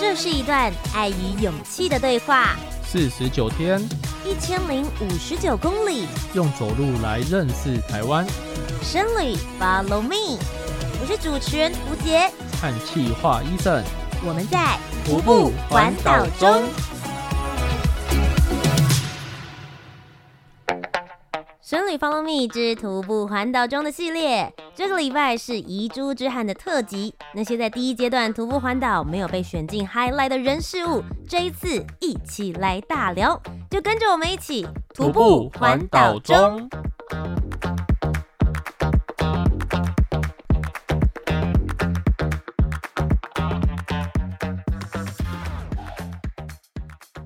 這是一段愛與勇氣的對話。四十九天，一千零五十九公里，用走路來認識台灣。深旅，follow me，我是主持人屠潔。和企劃 Eason。我們在徒步環島中。《深旅 Follow Me 之徒步環島中》的系列，這個禮拜是遺珠之憾的特輯。那些在第一階段徒步環島沒有被選進 highlight 的人事物，這一次一起來大聊，就跟着我們一起徒步環島中。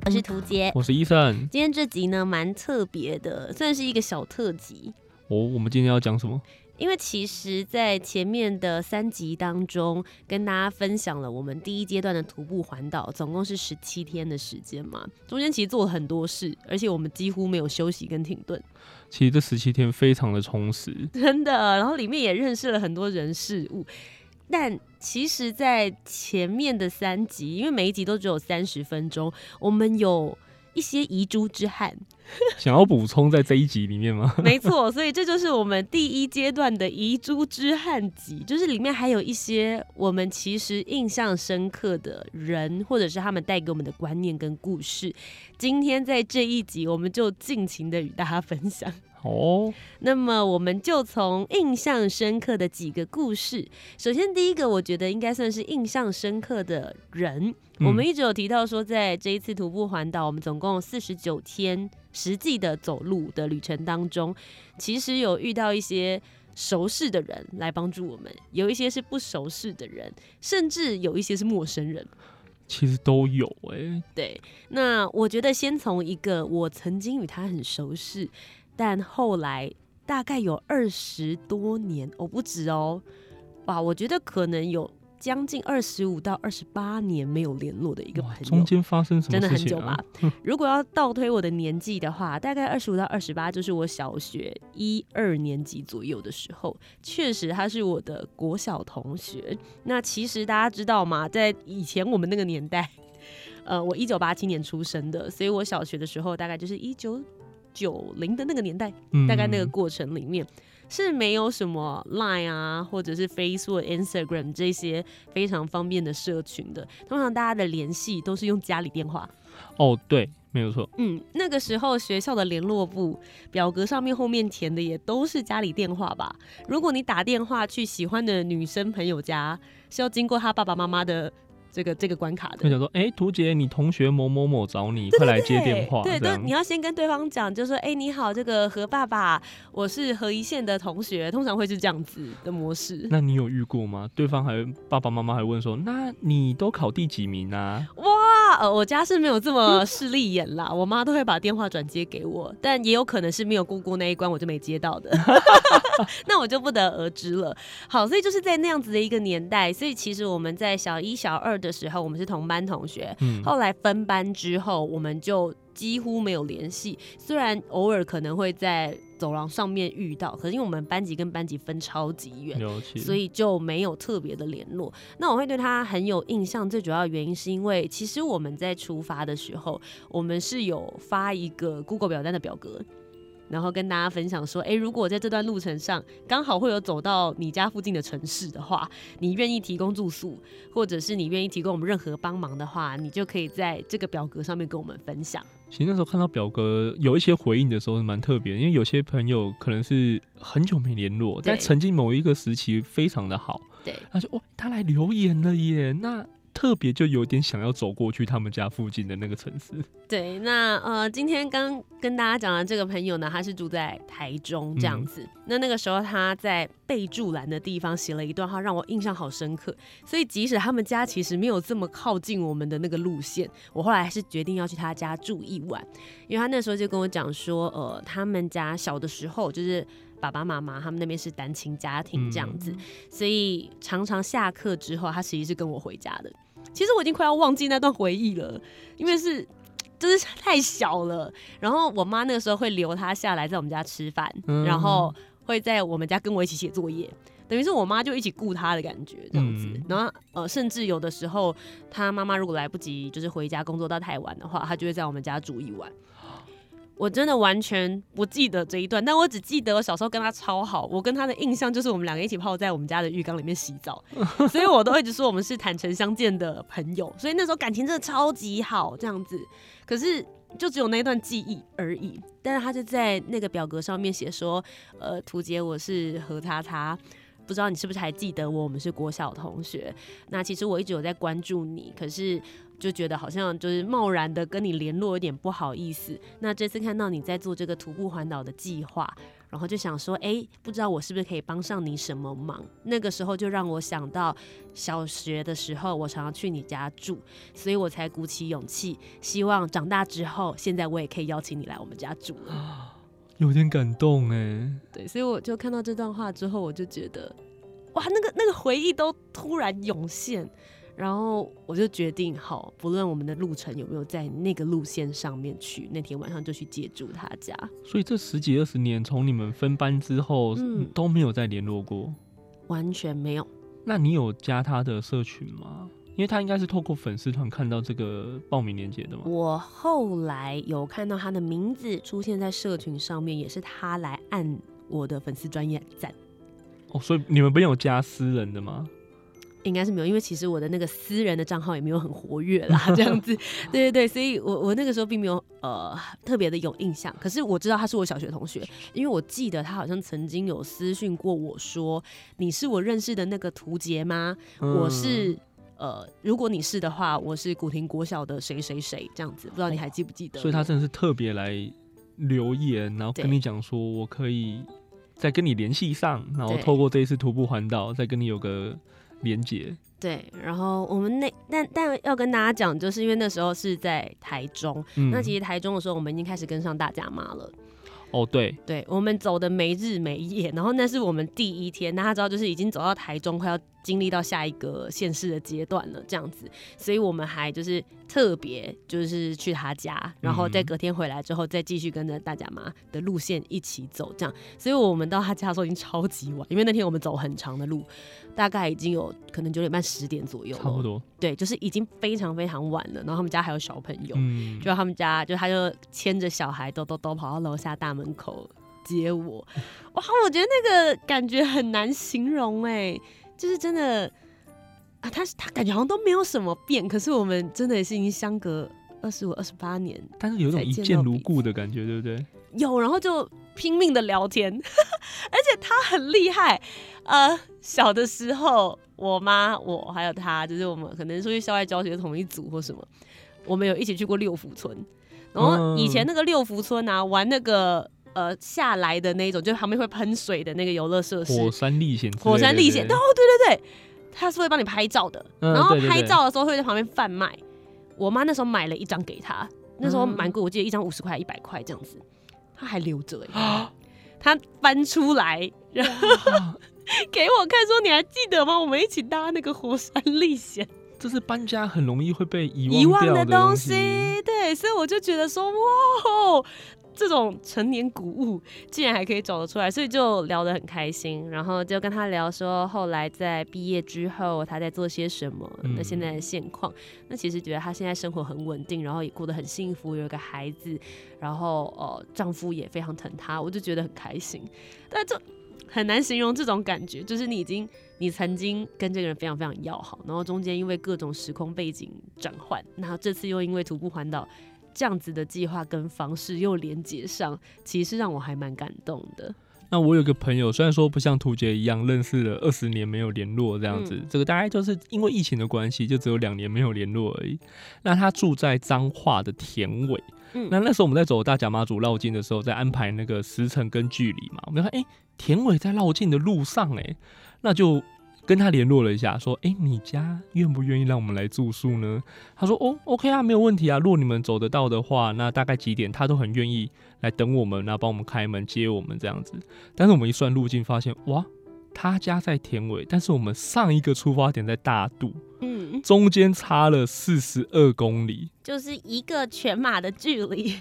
我是屠潔，我是伊森。今天這集呢，蠻特別的，算是一個小特輯哦。Oh, 我們今天要講什麼？因為其實在前面的三集當中，跟大家分享了我們第一階段的徒步環島，總共是十七天的時間嘛。中間其實做了很多事，而且我們幾乎沒有休息跟停頓。其實這十七天非常的充實，真的。然後裡面也認識了很多人事物。但其實，在前面的三集，因為每一集都只有三十分鐘，我們有一些遺珠之憾，想要補充在這一集裡面嗎？ 沒錯，所以這就是我們第一階段的遺珠之憾集，就是裡面還有一些我們其實印象深刻的人，或者是他們帶給我們的觀念跟故事。今天在這一集，我們就盡情的與大家分享。哦，那麼我們就從印象深刻的幾個故事。首先，第一個我覺得應該算是印象深刻的人。我們一直有提到說，在這一次徒步環島，我們總共四十九天實際的走路的旅程當中，其實有遇到一些熟識的人來幫助我們，有一些是不熟識的人，甚至有一些是陌生人。其實都有哎、欸，對。那我覺得先從一個我曾經與他很熟識。但後來大概有二十多年，哦不止哦，哇，我覺得可能有將近二十五到二十八年沒有聯絡的一個朋友，中間發生什麼事情、啊、真的很久嗎？如果要倒推我的年紀的話， 大概二十五到二十八就是我小學一二年級左右的時候，確實他是我的國小同學。那其實大家知道嗎？在以前我們那個年代，呃，我一九八七年出生的，所以我小學的時候大概就是一九。九零的那個年代，嗯、大概那個過程裡面是沒有什麼 Line 啊，或者是 Facebook、Instagram 這些非常方便的社群的。通常大家的聯繫都是用家裡電話。哦，對，沒有錯。嗯，那個時候學校的聯絡簿表格上面後面填的也都是家裡電話吧？如果你打電話去喜歡的女生朋友家，是要經過她爸爸媽媽的。這個這個關卡的，就想說，哎、欸，屠潔，你同學某某某找你，快來接電話。對都樣，你要先跟對方講，就說，哎、欸，你好，這個何爸爸，我是何一線的同學，通常會是這樣子的模式。那你有遇過嗎？對方還爸爸媽媽還問說，那你都考第幾名啊？哇、呃，我家是沒有這麼勢利眼啦， 我媽都會把電話轉接給我，但也有可能是沒有姑姑那一關，我就沒接到的， 那我就不得而知了。好，所以就是在那樣子的一個年代，所以其實我們在小一、小二。的時候，我們是同班同學。嗯、後來分班之後，我們就幾乎沒有聯繫。雖然偶爾可能會在走廊上面遇到，可是因為我們班級跟班級分超級遠，其所以就沒有特別的聯絡。那我會對他很有印象，最主要的原因是因為，其實我們在出發的時候，我們是有發一個 Google 表單的表格。然後跟大家分享說，欸，如果在這段路程上剛好會有走到你家附近的城市的話，你願意提供住宿，或者是你願意提供我們任何幫忙的話，你就可以在這個表格上面跟我們分享。其實那時候看到表格有一些回應的時候，是蠻特別的，因為有些朋友可能是很久沒聯絡，在對曾經某一個時期非常的好。對，他說，哇，他來留言了耶，那。特別就有點想要走過去他們家附近的那個城市。對，那呃，今天剛跟大家講的這個朋友呢，他是住在台中這樣子。嗯、那那個時候他在備注欄的地方寫了一段話，讓我印象好深刻。所以即使他們家其實沒有這麼靠近我們的那個路線，我後來還是決定要去他家住一晚，因為他那時候就跟我講說，呃，他們家小的時候就是爸爸媽媽他們那邊是單親家庭這樣子，嗯、所以常常下課之後，他其實是跟我回家的。其實我已經快要忘記那段回憶了，因為是真，就是太小了。然後我媽那個時候會留她下來在我們家吃飯，嗯、哼然後會在我們家跟我一起寫作業，等於是我媽就一起顧她的感覺這樣子。嗯、然後呃，甚至有的時候她媽媽如果來不及就是回家工作到太晚的話，她就會在我們家住一晚。我真的完全不記得這一段，但我只記得我小時候跟他超好，我跟他的印象就是我們兩個一起泡在我們家的浴缸裡面洗澡， 所以我都一直說我們是坦誠相見的朋友，所以那時候感情真的超級好這樣子，可是就只有那一段記憶而已。但是他就在那個表格上面寫說，呃，屠潔，我是何叉叉，不知道你是不是還記得我，我們是國小同學。那其實我一直有在關注你，可是。就覺得好像就是貿然的跟你聯絡有點不好意思。那這次看到你在做這個徒步環島的計劃，然後就想說，哎、欸，不知道我是不是可以幫上你什麼忙。那個時候就讓我想到小學的時候，我常常去你家住，所以我才鼓起勇氣，希望長大之後，現在我也可以邀請你來我們家住啊。有點感動哎、欸。對，所以我就看到這段話之後，我就覺得，哇，那個那個回憶都突然湧現。然後我就決定，好，不論我們的路程有沒有在那個路線上面去，那天晚上就去借住他家。所以這十幾二十年，從你們分班之後，嗯、都沒有再聯絡過，完全沒有。那你有加他的社群嗎？因為他應該是透過粉絲團看到這個報名鏈接的嘛。我後來有看到他的名字出現在社群上面，也是他來按我的粉絲專頁按讚。哦，所以你們沒有加私人的嗎？應該是沒有，因為其實我的那個私人的賬號也沒有很活躍啦，這樣子。 對對對，所以我我那個時候並沒有呃特別的有印象。可是我知道他是我小學同學，因為我記得他好像曾經有私訊過我說：“你是我認識的那個屠潔嗎？”我是、嗯、呃，如果你是的話，我是古亭國小的誰誰誰這樣子。不知道你還記不記得？所以，他真的是特別來留言，然後跟你講說，我可以再跟你聯繫上，然後透過這一次徒步環島，再跟你有個。連接，對，然後我們那但但要跟大家講，就是因為那時候是在台中，嗯、那其實台中的時候，我們已經開始跟上大甲媽了。哦，對對，我們走的沒日沒夜，然後那是我們第一天，那他知道就是已經走到台中，快要。經歷到下一個縣市的階段了，這樣子，所以我們還就是特別就是去他家，然後在隔天回來之後，再繼續跟着大甲媽的路線一起走，這樣。所以我們到他家的時候已經超級晚，因為那天我們走很長的路，大概已經有可能九點半十點左右，差不多。對，就是已經非常非常晚了。然後他們家還有小朋友，嗯、就他們家就他就牽着小孩兜兜兜跑到樓下大門口接我，哇，我覺得那個感覺很難形容哎、欸。就是真的，啊，他他感覺好像都沒有什麼變，可是我們真的也是已經相隔二十五、二十八年，但是有一種一見如故的感覺，對不對？有，然後就拼命的聊天，呵呵，而且他很厲害，呃，小的時候，我媽、我還有他，就是我們可能出去校外教學的同一組或什麼，我們有一起去過六福村，然後以前那個六福村啊，嗯、玩那個。呃，下來的那一種，就旁邊會噴水的那個游樂設施，火山歷險，火山歷險。對對對哦，對對對，他是會幫你拍照的，嗯、然後拍照的時候會在旁邊販賣。對對對，我媽那時候買了一張給他，那時候蠻貴，我記得一張五十塊、一百塊這樣子，嗯、他還留着哎。啊，他翻出來，然後、 啊、 給我看說：“你還記得嗎？我們一起搭那個火山歷險。”這是搬家很容易會被遺忘掉，遺忘的東西，對，所以我就覺得說：“哇。”這種陳年古物竟然還可以找得出來，所以就聊得很開心。然後就跟他聊說，後來在畢業之後他在做些什麼，嗯、那現在的現況。那其實覺得他現在生活很穩定，然後也過得很幸福，有一個孩子，然後呃丈夫也非常疼他，我就覺得很開心。但就很難形容這種感覺，就是你已經你曾經跟這個人非常非常要好，然後中間因為各種時空背景轉換，然後這次又因為徒步環島。這樣子的計劃跟方式又連接上，其實是讓我還蠻感動的。那我有一個朋友，雖然說不像屠潔一樣認識了二十年沒有聯絡這樣子，嗯、這個大概就是因為疫情的關係，就只有兩年沒有聯絡而已。那他住在彰化的田尾，嗯、那那時候我們在走大甲媽祖繞境的時候，在安排那個時程跟距離嘛，我們就看哎、欸，田尾在繞境的路上哎、欸，那就。跟他聯絡了一下，說：“哎、欸，你家願不願意讓我們來住宿呢？”他說：“哦，OK 啊，沒有問題啊。如果你們走得到的話，那大概幾點，他都很願意來等我們，然後幫我們開門接我們這樣子。但是我們一算路徑，發現哇，他家在田尾，但是我們上一個出發點在大肚，嗯，中間差了四十二公里，就是一個全馬的距離。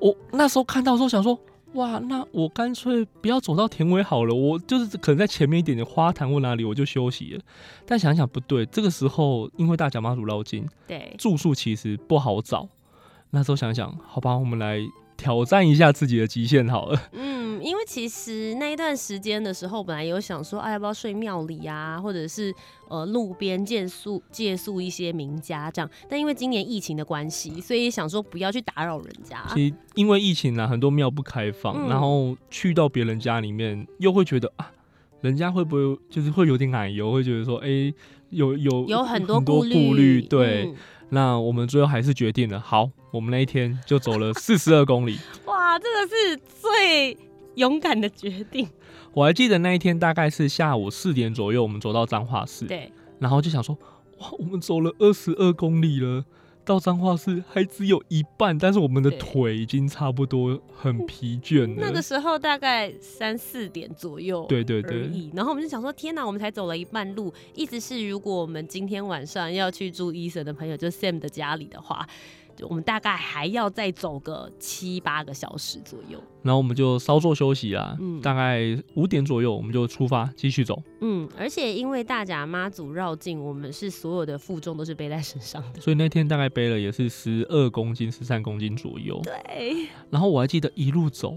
我、哦、那時候看到時候，想說。”哇，那我乾脆不要走到田尾好了，我就是可能在前面一點點花壇或哪裡我就休息了。但想一想不對，這個時候因為大甲媽祖繞境，對，住宿其實不好找。那時候想想，好吧，我們來。挑戰一下自己的極限好了。嗯，因為其實那一段時間的時候，本來有想說，哎、啊，要不要睡廟裡啊，或者是呃，路邊借宿借宿一些民家這樣。但因為今年疫情的關係，所以想說不要去打擾人家。其實因為疫情呢、啊，很多廟不開放，嗯、然後去到別人家裡面，又會覺得啊，人家會不會就是會有點奶油，會覺得說，哎、欸，有有有很多很多顧慮，嗯、對。那我們最後還是決定了，好，我們那一天就走了四十二公里， 哇，這個是最勇敢的決定。我還記得那一天大概是下午四點左右，我們走到彰化市，對，然後就想說，哇，我們走了二十二公里了。到彰化市還只有一半，但是我們的腿已經差不多很疲倦了。那個時候大概三四點左右，對對對。然後我們就想說，天哪，我們才走了一半路，意思是如果我們今天晚上要去住 Eason 的朋友，就 Sam 的家裡的話，我們大概還要再走個七八個小時左右，然後我們就稍作休息啦。嗯，大概五點左右我們就出發繼續走。嗯，而且因為大甲媽祖繞境，我們是所有的負重都是背在身上的，所以那天大概背了也是十二公斤、十三公斤左右。對。然後我還記得一路走，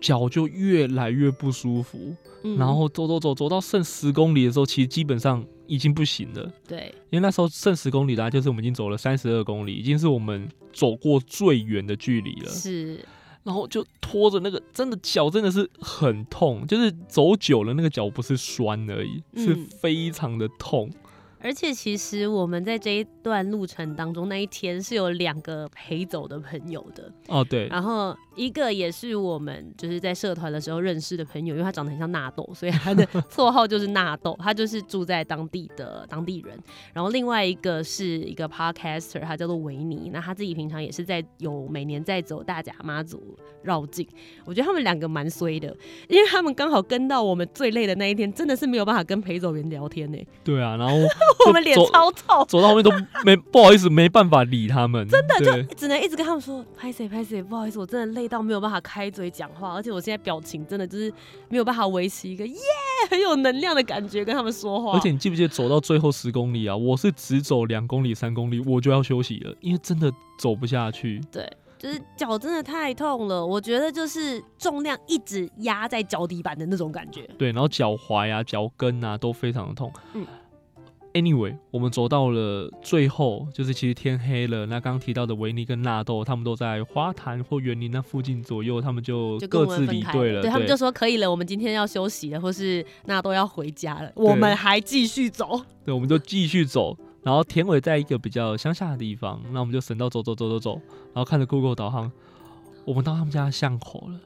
腳就越來越不舒服。然後走走走，走到剩十公里的時候，其實基本上。已經不行了，對，因為那時候剩十公里啦，就是我們已經走了三十二公里，已經是我們走過最遠的距離了。是，然後就拖着那個，真的腳真的是很痛，就是走久了那個腳不是酸而已，是非常的痛。嗯而且其實我們在這一段路程當中那一天是有兩個陪走的朋友的哦，oh, 對。然後一個也是我們就是在社團的時候認識的朋友，因為他長得很像納豆，所以他的綽號就是納豆。 他就是住在當地的當地人。然後另外一個是一個 podcaster，他叫做維尼。那他自己平常也是在有每年在走大甲媽祖繞境。我覺得他們兩個蠻衰的，因為他們剛好跟到我們最累的那一天，真的是沒有辦法跟陪走員聊天呢、欸。對啊，然後。 我們臉超臭走， 走到後面都沒 不好意思，沒辦法理他們，真的對就只能一直跟他們說拍誰拍誰。不好意思，我真的累到沒有辦法開嘴講話，而且我現在表情真的就是沒有辦法維持一個耶、yeah! 很有能量的感覺跟他們說話。而且你記不記得走到最後十公里啊？我是只走兩公里、三公里我就要休息了，因為真的走不下去。對，就是腳真的太痛了，我覺得就是重量一直壓在腳底板的那種感覺。對，然後腳踝啊、腳跟啊都非常的痛。嗯。Anyway，我們走到了最後，就是其實天黑了。那剛剛提到的維尼跟納豆，他們都在花壇或員林那附近左右，他們就各自離隊了。了，對，對，他們就說：“可以了，我們今天要休息了，或是納豆要回家了。”我們還繼續走對。對，我們就繼續走。然後田尾在一個比較鄉下的地方，那我們就省道走走走走走，然後看着 Google 導航，我們到他們家的巷口了。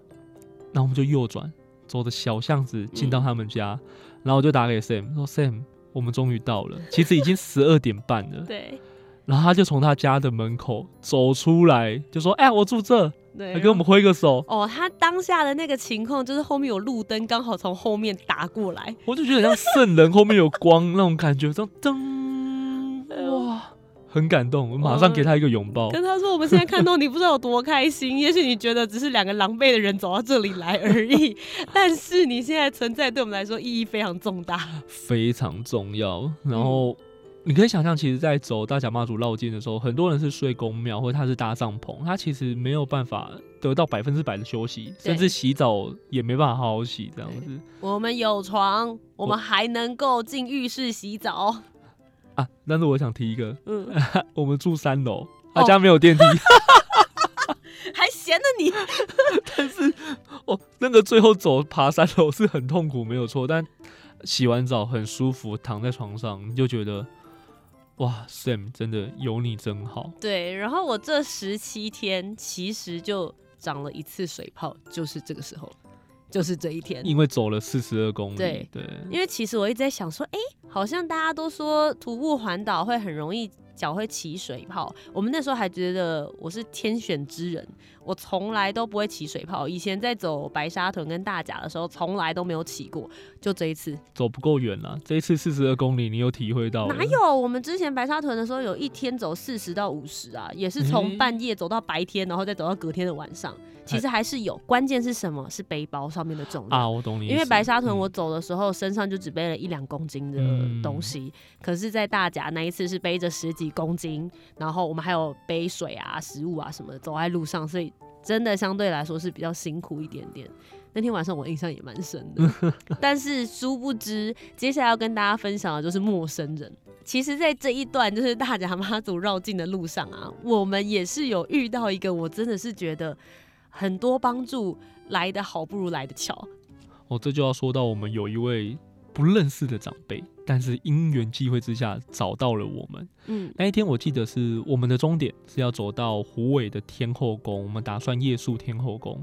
那我們就右轉，走着小巷子進到他們家，嗯、然後我就打給 Sam 說：“Sam。”我們終於到了，其實已經十二點半了。 對。然後他就從他家的門口走出來，就說：“哎、欸，我住這。”對。他給我們揮個手。哦，他當下的那個情況就是後面有路燈，剛好從後面打過來。我就覺得像聖人後面有光 那種感覺，噔噔。哇很感動，我馬上給他一個擁抱、嗯，跟他說：“我們現在看到你，不知道有多開心。 也許你覺得只是兩個狼狽的人走到這裡來而已， 但是你現在存在對我們來說意義非常重大，非常重要。然後你可以想象，其實，在走大甲媽祖繞境的時候，嗯、很多人是睡宮廟，或者他是搭帳篷，他其實沒有辦法得到百分之百的休息，對甚至洗澡也沒辦法好好洗。對這樣子，我們有床，我們還能夠進浴室洗澡。”啊，但是我想提一個，嗯、啊，我們住三樓，他、哦啊、家沒有電梯，還閒着你。但是哦，那個最後走爬三樓是很痛苦，沒有錯。但洗完澡很舒服，躺在床上你就覺得，哇，Sam 真的有你真好。對，然後我這十七天其實就長了一次水泡，就是這個時候。就是這一天，因為走了四十二公里。對，對，因為其實我一直在想說，哎、欸，好像大家都說徒步環島會很容易。腳會起水泡，我們那時候還覺得我是天選之人，我從來都不會起水泡。以前在走白沙屯跟大甲的時候，從來都沒有起過，就這一次走不夠遠了。這一次四十二公里，你有體會到？哪有？我們之前白沙屯的時候，有一天走四十到五十啊，也是從半夜走到白天，嗯、然後再走到隔天的晚上。其實還是有唉關鍵是什麼？是背包上面的重量啊。我懂你，因為白沙屯我走的時候，嗯、身上就只背了一兩公斤的東西，嗯、可是，在大甲那一次是背着十幾。幾公斤，然後我們還有杯水啊、食物啊什麼的，走在路上，所以真的相對來說是比較辛苦一點點。那天晚上我印象也蠻深的， 但是殊不知，接下來要跟大家分享的就是陌生人。其實，在這一段就是大甲媽祖繞境的路上啊，我們也是有遇到一個，我真的是覺得很多幫助來的好不如來的巧。哦，這就要說到我們有一位不認識的長輩。但是因緣際會之下找到了我們。嗯，那一天我記得是我們的終點是要走到虎尾的天後宮，我們打算夜宿天後宮。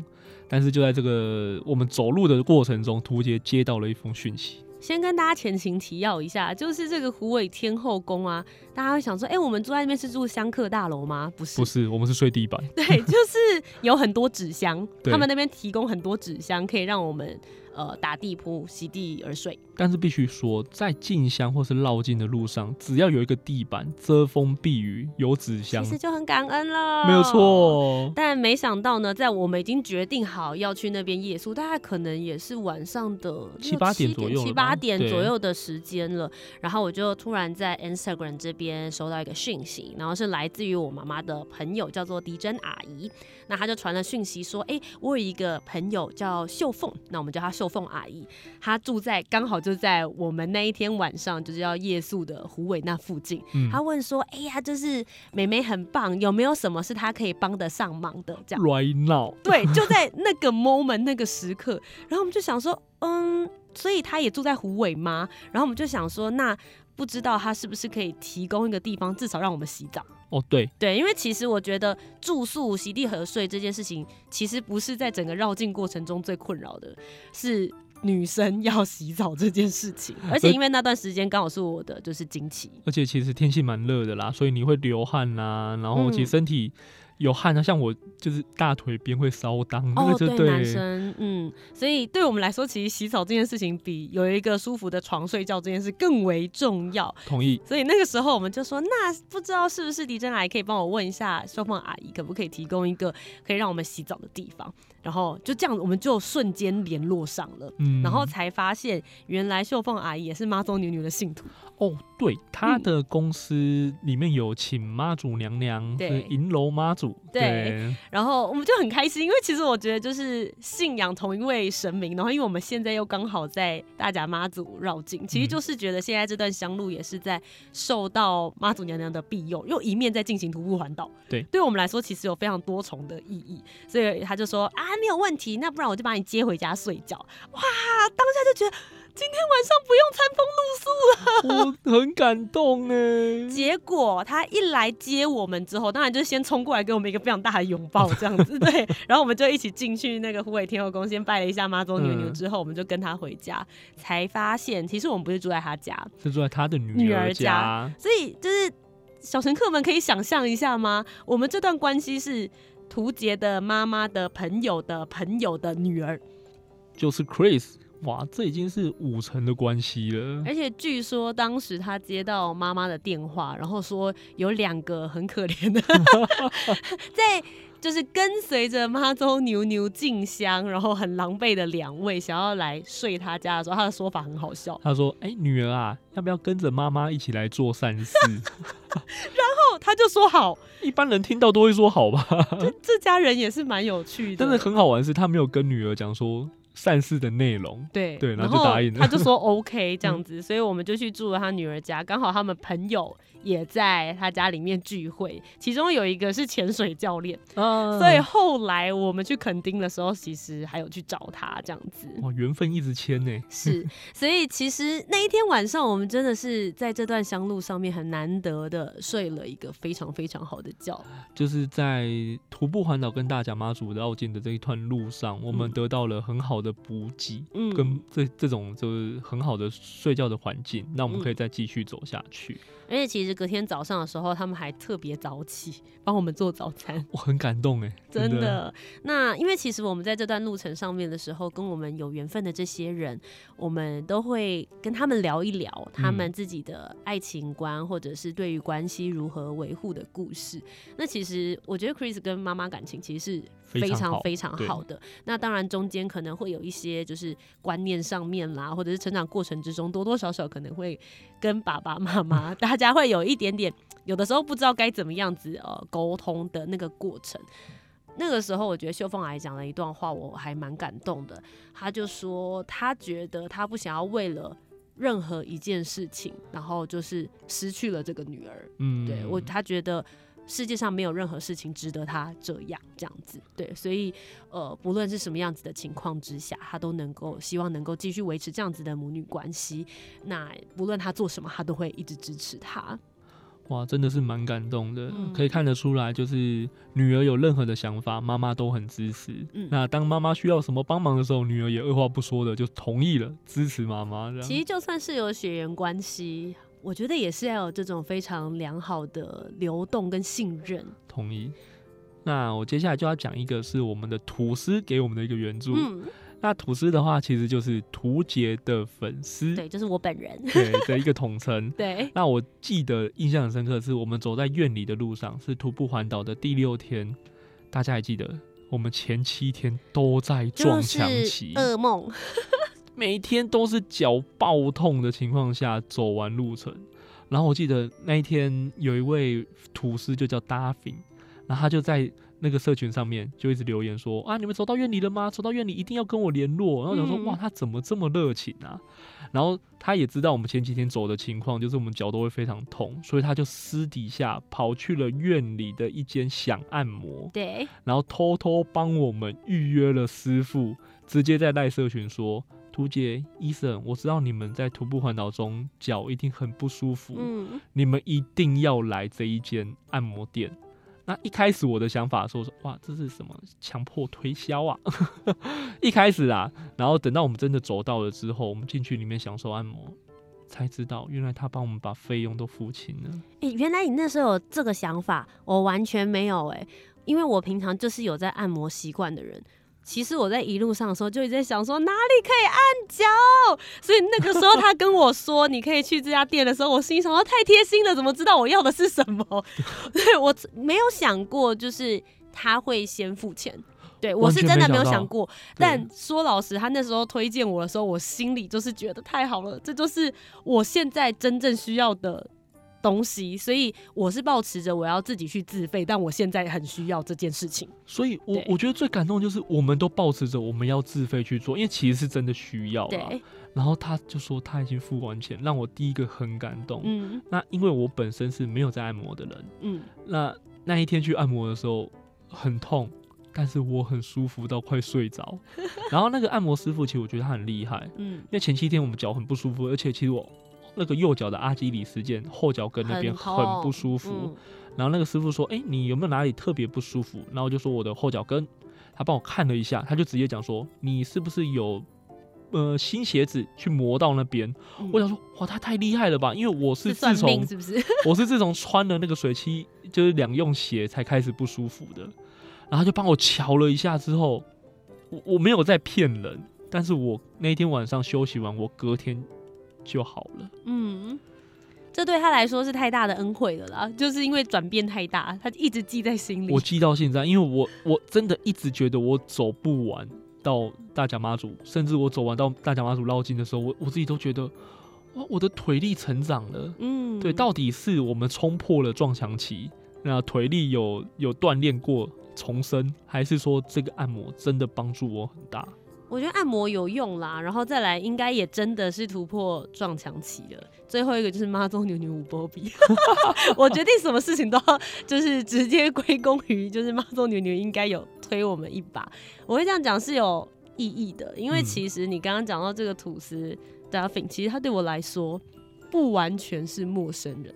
但是就在這個我們走路的過程中，屠潔接到了一封訊息。先跟大家前情提要一下，就是這個虎尾天後宮啊，大家會想說，哎、欸，我們住在那邊是住香客大樓嗎？不是，不是，我們是睡地板。對，就是有很多紙箱， 對他們那邊提供很多紙箱，可以讓我們。呃，打地鋪，席地而睡。但是必須說，在進香或是繞境的路上，只要有一個地板遮風避雨、有紙箱，其實就很感恩了。沒有錯錯。但沒想到呢，在我們已經決定好要去那邊夜宿，大概可能也是晚上的七八點左右，七八點左右的時間了。對然後我就突然在 Instagram 這邊收到一個訊息，然後是來自於我媽媽的朋友，叫做迪珍阿姨。那她就傳了訊息說，哎、欸，我有一個朋友叫秀鳳，那我們叫她。秀鳳阿姨，她住在剛好就在我們那一天晚上就是要夜宿的虎尾那附近。嗯、她問說：“哎、欸、呀，就是妹妹很棒，有沒有什麼是她可以幫得上忙的？”這樣。Right now，對，就在那個 moment 那個時刻，然後我們就想說，嗯，所以她也住在虎尾嗎？然後我們就想說，那不知道她是不是可以提供一個地方，至少讓我們洗澡。哦，oh, 對對，因為其實我覺得住宿、席地而睡這件事情，其實不是在整個繞境過程中最困擾的，是女生要洗澡這件事情。而且，而且因為那段時間剛好是我的就是經期，而且其實天氣蠻熱的啦，所以你會流汗啦、啊，然後其實身體。嗯有汗啊，像我就是大腿邊會燒襠，因為這對，對男生，嗯，所以對我們來說，其實洗澡這件事情比有一個舒服的床睡覺這件事更為重要。同意。所以那個時候我們就說，那不知道是不是狄真來可以幫我問一下秀鳳阿姨，可不可以提供一個可以讓我們洗澡的地方？然後就這樣，我們就瞬間聯絡上了，嗯、然後才發現原來秀鳳阿姨也是媽祖娘娘的信徒。哦，對，她的公司裡面有請媽祖娘娘，對、嗯，銀樓媽祖。對，對，然後我們就很開心，因為其實我覺得就是信仰同一位神明，然後因為我們現在又剛好在大甲媽祖繞境，其實就是覺得現在這段香路也是在受到媽祖娘娘的庇佑，又一面在進行徒步環島，對，對我們來說其實有非常多重的意義，所以他就說啊，沒有問題，那不然我就把你接回家睡覺，哇，當下就覺得。今天晚上不用餐風露宿了，我很感動哎。 結果他一來接我們之後，當然就先衝過來給我們一個非常大的擁抱，這樣子 對。然後我們就一起進去那個虎尾天後宮，先拜了一下媽祖娘娘，之後、嗯、我們就跟他回家，才發現其實我們不是住在他家，是住在他的女兒家。女兒家。所以就是小乘客們可以想象一下嗎？我們這段關係是屠潔的媽媽的朋友的朋友的女兒，就是 Chris。哇，這已經是五層的關係了。而且據說當時他接到媽媽的電話，然後說有兩個很可憐的， 在就是跟隨着媽祖牛牛進香，然後很狼狽的兩位想要來睡他家的時候，他的說法很好笑。他說：“哎、欸，女兒啊，要不要跟着媽媽一起來做善事？” 然後他就說：“好。”一般人聽到都會說：“好吧。 就”這這家人也是蠻有趣的。但是很好玩的是，他沒有跟女兒講說。善事的內容，對對，然後他就答應了，他就說 OK 這樣子，嗯、所以我們就去住了他女兒家，剛好他們朋友也在他家裡面聚會，其中有一個是潛水教練，嗯，所以後來我們去墾丁的時候，其實還有去找他這樣子，哇，緣分一直牽呢、欸，是，所以其實那一天晚上，我們真的是在這段鄉路上面很難得的睡了一個非常非常好的覺，就是在徒步環島跟大甲媽祖繞境的這一段路上，我們得到了很好的。的補給，嗯，跟這這種就是很好的睡覺的環境，那、嗯、我們可以再繼續走下去。而且其實隔天早上的時候，他們還特別早起幫我們做早餐，啊、我很感動哎、欸，真的，真的。那因為其實我們在這段路程上面的時候，跟我們有緣分的這些人，我們都會跟他們聊一聊他們自己的愛情觀，或者是對於關係如何維護的故事。那其實我覺得 Chris 跟媽媽感情其實是非常非常好的。對那當然中間可能會。有一些就是觀念上面啦，或者是成長過程之中，多多少少可能會跟爸爸媽媽 大家會有一點點，有的時候不知道該怎麼樣子呃溝通的那個過程。那個時候，我覺得秀鳳阿姨講了一段話，我還蠻感動的。她就說，她覺得她不想要為了任何一件事情，然後就是失去了這個女兒。嗯，對我，她覺得。世界上沒有任何事情值得她這樣這樣子，對，所以呃，不論是什麼樣子的情況之下，她都能夠希望能夠繼續維持這樣子的母女關係。那不論她做什麼，她都會一直支持她。哇，真的是蠻感動的，嗯、可以看得出來，就是女兒有任何的想法，媽媽都很支持。嗯、那當媽媽需要什麼幫忙的時候，女兒也二話不說的就同意了，支持媽媽這樣。其實就算是有血緣關係。我覺得也是要有這種非常良好的流動跟信任。同意。那我接下來就要講一個，是我們的屠絲給我們的一個援助。嗯、那屠絲的話，其實就是屠潔的粉絲，對，就是我本人對的一個統稱。 對。那我記得印象很深刻，是我們走在院裡的路上，是徒步環島的第六天，大家還記得？我們前七天都在撞牆期噩夢。 每一天都是腳爆痛的情況下走完路程，然後我記得那一天有一位土司，就叫達芬，然後他就在那個社群上面就一直留言說啊，你們走到院裡了嗎？走到院裡一定要跟我聯絡。然後我想說、嗯、哇，他怎麼這麼熱情啊？然後他也知道我們前幾天走的情況，就是我們腳都會非常痛，所以他就私底下跑去了院裡的一間想按摩，對，然後偷偷幫我們預約了師傅，直接在賴社群說。屠潔、Eason，我知道你們在徒步環島中腳一定很不舒服，嗯，你們一定要來這一間按摩店。那一開始我的想法說是哇，這是什麼強迫推銷啊？ 一開始啊，然後等到我們真的走到了之後，我們進去裡面享受按摩，才知道原來他幫我們把費用都付清了。誒、欸，原來你那時候有這個想法，我完全沒有誒、欸，因為我平常就是有在按摩習慣的人。其實我在一路上的時候，就一直在想說哪裡可以按腳，所以那個時候他跟我說你可以去這家店的時候，我心裡想說太貼心了，怎麼知道我要的是什麼？對，我沒有想過，就是他會先付錢，對我是真的沒有想過。但說老實，他那時候推薦我的時候，我心裡就是覺得太好了，這就是我現在真正需要的。東西，所以我是抱持著我要自己去自費，但我現在很需要這件事情。所以我，我對我覺得最感動的就是，我們都抱持著我們要自費去做，因為其實是真的需要。對。然後他就說他已經付完錢，讓我第一個很感動。嗯。那因為我本身是沒有在按摩的人。嗯。那那一天去按摩的時候很痛，但是我很舒服到快睡着。 然後那個按摩師傅其實我覺得他很厲害。嗯。因為前七天我們腳很不舒服，而且其實我。那個右腳的阿基里斯腱後腳跟那邊很不舒服，後哦嗯、然後那個師傅說：“哎、欸，你有沒有哪裡特別不舒服？”然後就說：“我的後腳跟。”他幫我看了一下，他就直接講說：“你是不是有呃新鞋子去磨到那邊？”嗯、我想說：“哇，他太厲害了吧！”因為我是自從 我是自從穿了那個水漆就是兩用鞋才開始不舒服的。然後就幫我喬了一下之後，我我沒有在騙人，但是我那天晚上休息完，我隔天。就好了。嗯，這對他來說是太大的恩惠了啦，就是因為轉變太大，他一直記在心裡。我記到現在，因為我我真的一直覺得我走不完到大甲媽祖，甚至我走完到大甲媽祖繞境的時候，我我自己都覺得我，我的腿力成長了。嗯，對，到底是我們衝破了撞牆期，那腿力有有鍛鍊過重生，還是說這個按摩真的幫助我很大？我覺得按摩有用啦，然後再來應該也真的是突破撞牆期了。最後一個就是媽祖娘娘五波比， 我決定什麼事情都要就是直接歸功於就是媽祖娘娘應該有推我們一把。我會這樣講是有意義的，因為其實你剛剛講到這個吐司 Daffy，嗯、其實他對我來說不完全是陌生人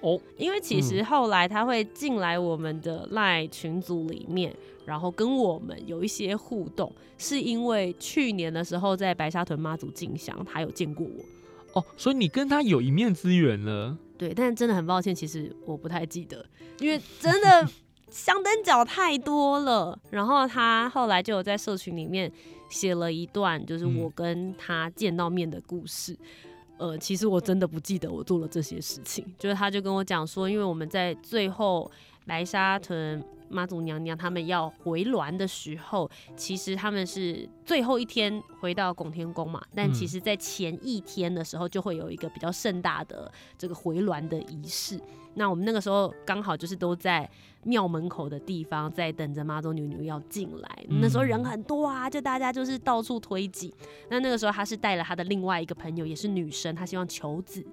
哦，因為其實後來他會進來我們的賴群組裡面。然後跟我們有一些互動，是因為去年的時候在白沙屯媽祖進香，他有見過我哦，所以你跟他有一面之緣了。對，但是真的很抱歉，其實我不太記得，因為真的香燈腳太多了。 然後他後來就有在社群裡面寫了一段，就是我跟他見到面的故事。嗯、呃，其實我真的不記得我做了這些事情，就是他就跟我講說，因為我們在最後白沙屯，媽祖娘娘他們要回鑾的時候，其實他們是。最後一天回到拱天宮嘛，但其實在前一天的時候就會有一個比較盛大的這個回鑾的儀式。那我們那個時候剛好就是都在廟門口的地方在等着媽祖娘娘要進來，那時候人很多啊，就大家就是到處推擠。那那個時候她是帶了她的另外一個朋友，也是女生，她希望求子，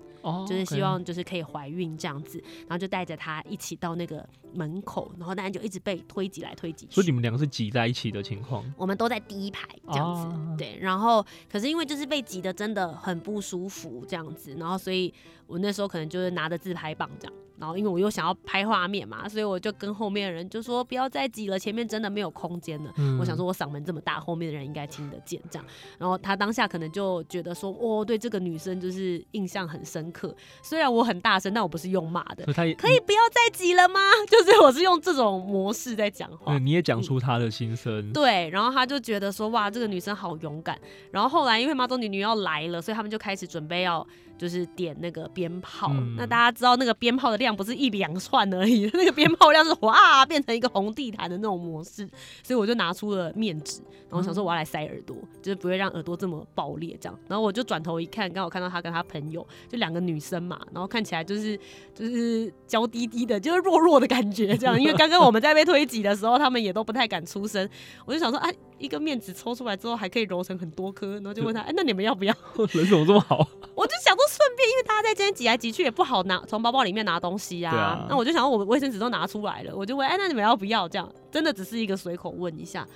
就是希望就是可以懷孕這樣子，然後就帶着她一起到那個門口，然後大家就一直被推擠來推擠去。所以你們兩個是擠在一起的情況？嗯，我們都在第一排。這樣子，oh，對，然後可是因為就是被擠得真的很不舒服，這樣子，然後所以我那時候可能就是拿着自拍棒這樣。然後，因為我又想要拍畫面嘛，所以我就跟後面的人就說：“不要再擠了，前面真的沒有空間了。嗯”我想說，我嗓門這麼大，後面的人應該聽得見這樣。然後他當下可能就覺得說：“哦，對，這個女生就是印象很深刻。雖然我很大聲，但我不是用罵的，可以可以不要再擠了嗎？你就是我是用這種模式在講話。嗯、你也講出他的心聲、嗯。對，然後他就覺得說：“哇，這個女生好勇敢。”然後後來因為媽祖女女要來了，所以他們就開始準備要。就是點那個鞭炮，嗯、那大家知道那個鞭炮的量不是一兩串而已， 那個鞭炮量是嘩變成一個紅地毯的那種模式，所以我就拿出了面紙，然後我想說我要來塞耳朵，嗯、就是不會讓耳朵這麼爆裂這樣。然後我就轉頭一看，剛好看到他跟他朋友，就兩個女生嘛，然後看起來就是就是嬌滴滴的，就是弱弱的感覺這樣。因為剛剛我們在被推擠的時候， 他們也都不太敢出聲，我就想說，哎、啊。一個面紙抽出來之後，還可以揉成很多顆，然後就問他：哎、嗯欸，那你們要不要？ 人怎麼這麼好？我就想說，順便，因為大家在今天擠來擠去也不好拿從包包裡面拿東西呀、啊。那、啊、我就想，我衛生紙都拿出來了，我就問：哎、欸，那你們要不要？這樣真的只是一個隨口問一下，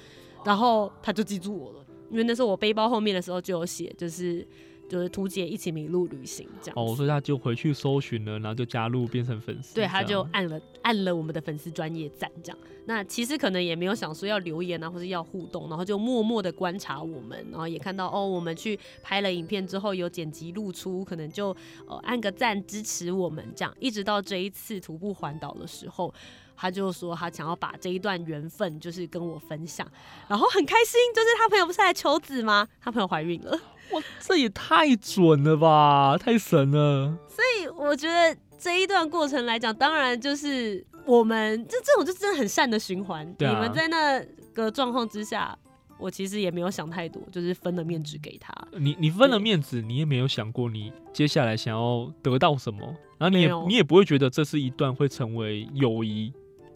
然後他就記住我了。因為那時候我背包後面的時候就有寫，就是。就是屠潔一起迷路旅行這樣，哦，所以他就回去搜尋了，然後就加入變成粉絲，對，他就按了按了我們的粉絲專頁讚這樣。那其實可能也沒有想說要留言啊，或是要互動，然後就默默的觀察我們，然後也看到哦，我們去拍了影片之後有剪輯露出，可能就哦、呃、按個讚支持我們這樣，一直到這一次徒步環島的時候。他就說他想要把這一段緣分就是跟我分享，然後很開心，就是他朋友不是來求子嗎？他朋友懷孕了 哇，這也太準了吧，太神了！所以我覺得這一段過程來講，當然就是我們就這種就真的很善的循環。對啊、你們在那個狀況之下，我其實也沒有想太多，就是分了面子給他。你你分了面子，對你也沒有想過你接下來想要得到什麼，然後你也 No. 你也不會覺得這是一段會成為友誼。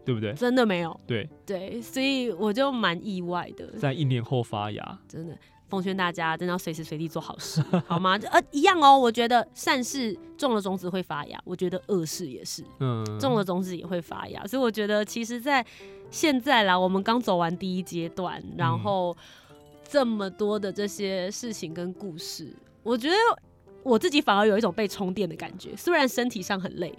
對不對？真的沒有。對對，所以我就蠻意外的。在一年後發芽，真的奉勸大家，真的要隨時隨地做好事， 好嗎？呃，一樣哦。我覺得善事種了種子會發芽，我覺得惡事也是，嗯，種了種子也會發芽。所以我覺得，其實，在現在啦，我們剛走完第一階段，然後這麼多的這些事情跟故事，我覺得我自己反而有一種被充電的感覺，雖然身體上很累。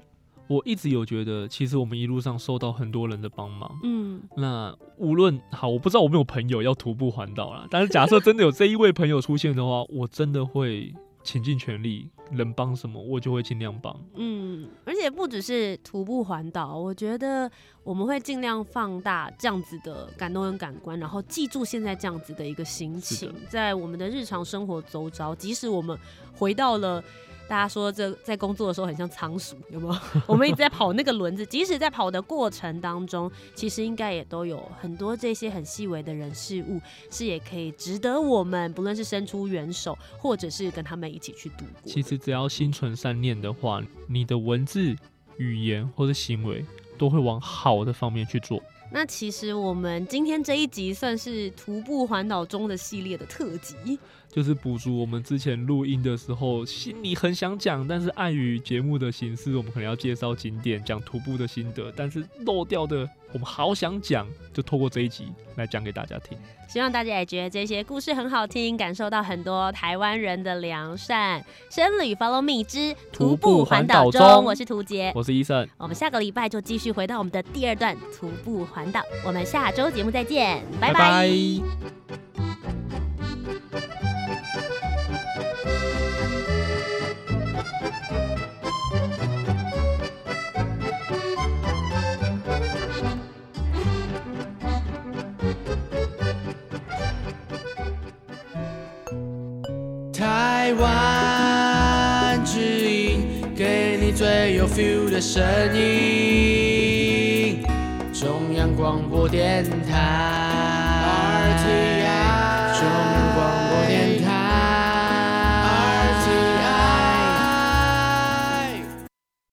我一直有覺得，其實我們一路上受到很多人的幫忙。嗯，那無論好，我不知道有沒有朋友要徒步環島啦，但是假設真的有這一位朋友出現的話， 我真的會傾盡全力，能幫什麼我就會盡量幫。嗯，而且不只是徒步環島，我覺得我們會盡量放大這樣子的感動跟感官，然後記住現在這樣子的一個心情，的在我們的日常生活周遭，即使我們回到了。大家說這在工作的時候很像倉鼠，有沒有？我們一直在跑那個輪子，即使在跑的過程當中，其實應該也都有很多這些很細微的人事物，是也可以值得我們，不論是伸出援手，或者是跟他們一起去度過。其實只要心存善念的話，你的文字、語言或者行為都會往好的方面去做。那其實我們今天這一集算是《徒步環島》中的系列的特輯。就是補足我們之前錄音的時候，心裡很想講，但是礙於節目的形式，我們可能要介紹景點、講徒步的心得，但是漏掉的，我們好想講，就透過這一集來講給大家聽。希望大家也覺得這些故事很好聽，感受到很多台灣人的良善。深旅 Follow Me 之徒步環島中，中我是屠潔，我是 Eason。我們下個禮拜就繼續回到我們的第二段徒步環島。我們下周節目再見，拜拜。拜拜。的聲音，中央廣播電台。